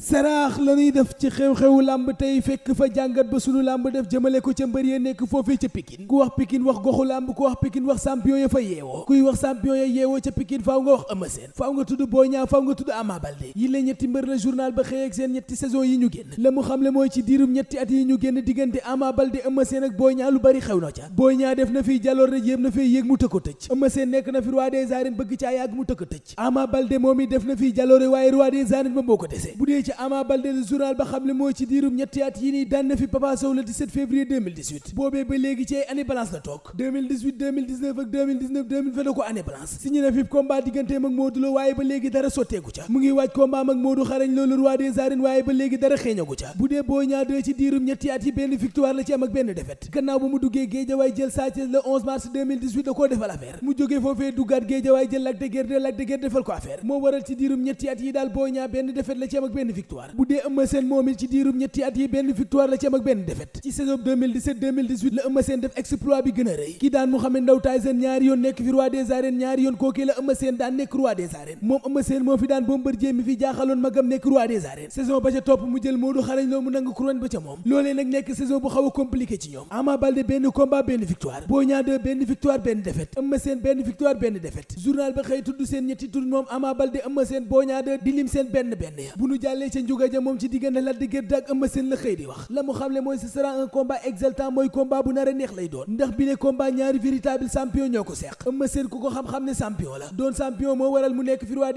saraax la ñuy def ci xew-xewu làmb tey fekk fa jàngat ba sunu làmb def jëmale ko ca mbër ya nekk foofee ca Pikine ku wax Pikine wax goxu làmb ku wax Pikine wax champion ya fa yeewoo kuy wax champion ya yeewoo ca Pikine faaw nga wax Eumeu Sène nga tudd Boy Niang faaw nga tudd Ama Baldé yi la ñetti mbër la journal ba xëy ak seen ñetti saison yi ñu génn la mu xamle mooy ci diirum ñetti at yi ñu génn diggante Ama Baldé Eumeu Sène ak Boy Niang lu bari xew na ca Boy Niang def na na jéem na fiy yéeg mu tëkko na fi roi des arènes bëgg caa yàgg mu ci Ama Baldé le journal ba xam le mooy ci diirum ñetti at yi nii daan na fi Papa Sow le 17 février 2018 boobee ba léegi ci ay année balance la toog 2018 2019 ak 2019 2020 la ko année balance na fi combat digganteem ak Modou Lo waaye ba léegi dara sotteegu ca mu ngi waaj combat ak Modou xarañ loolu roi des arènes waaye ba léegi dara xeeñagu ca bu dee Boy Niang 2 ci diirum ñetti at yi benn victoire la ci am ak benn défaite gannaaw ba mu duggee Géejawaay jël jël Lac de la ci victoire bu dee Eumeu Sène moom it ci diirum ñetti at yi benn victoire la ci am ak def exploit bi gën a rëy ki daan Mouhamed Ndao Tyson ñaari yoon nekk fi roi des arènes ñaari yoon kookee la Eumeu Sène daan nekk roi des arènes moom Eumeu Sène moo fi daan Bombardier mi fi jaaxaloon magam nekk roi des arènes saison ba ca topp mu jël Modou xarañ loo mu nangu couronne ba ca moom loolee nag nekk saison bu xaw a compliqué ci ñoom Ama Baldé benn combat benn victoire ba xëy dalee ca njuga ja moom ci diggante Lac de Guiers la xëy a neex moo waral mu nekk fi roi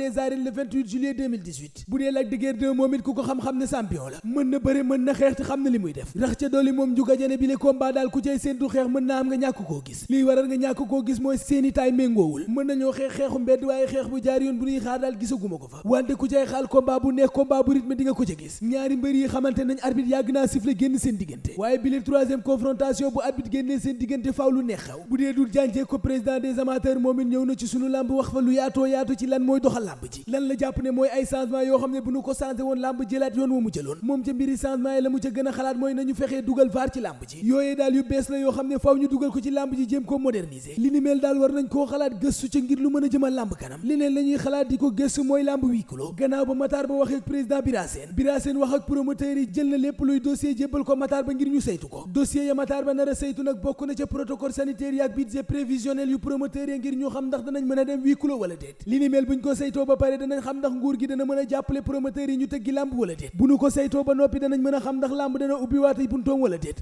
de moom it ku ko xam-xam ne champion la mën na bëre mën na xeex te xam na li muy def rax ca dolli moom njuga ja ne bi le daal ku cay séentu xeex mën naa am nga ñàkk koo gis lii waral nga ñàkk koo gis mooy seeni méngoowul mën nañoo xeex xeexu mbedd waaye xeex bu jaar yoon bu ñuy xaar daal gisaguma ko fa wante ku cay xaal combat bu neex combat bu bërit ma ko ca gis ñaari mbër yi xamante nañ arbitre yàgg naa sifflé génn seen diggante waaye bi leen confrontation bu arbitre génnee seen diggante faaw lu neex xew bu dee dul jànjee ko président des amateurs moom ñëw na ci sunu làmb wax fa lu yaatoo yaatu ci lan mooy doxal làmb ji lan la jàpp ne mooy ay changement yoo xam ne bu ñu ko wa mu jëloon changement yi la mu ca gën a xalaat mooy nañu fexee dugal vaar ci làmb ji yooyee daal yu bees la yoo xam a Bira Sène Bira Sène wax ak promoteur yi jël na lépp luy dossier jébbal ko Matar Ba ngir ñu saytu ko dossier ya Matar Ba nar saytu nag bokk na ca protocole sanitaire yi ak budget prévisionnel yu promoteur yi ngir ñu xam ndax danañ mën a dem huis clos wala déet li buñ ko saytoo ba pare danañ xam ndax nguur gi dana mën a jàppale promoteur yi ñu tëggi làmb wala déet bu ñu ko saytoo ba noppi danañ mën a xam ndax làmb dana ubbi waate buntoom wala déet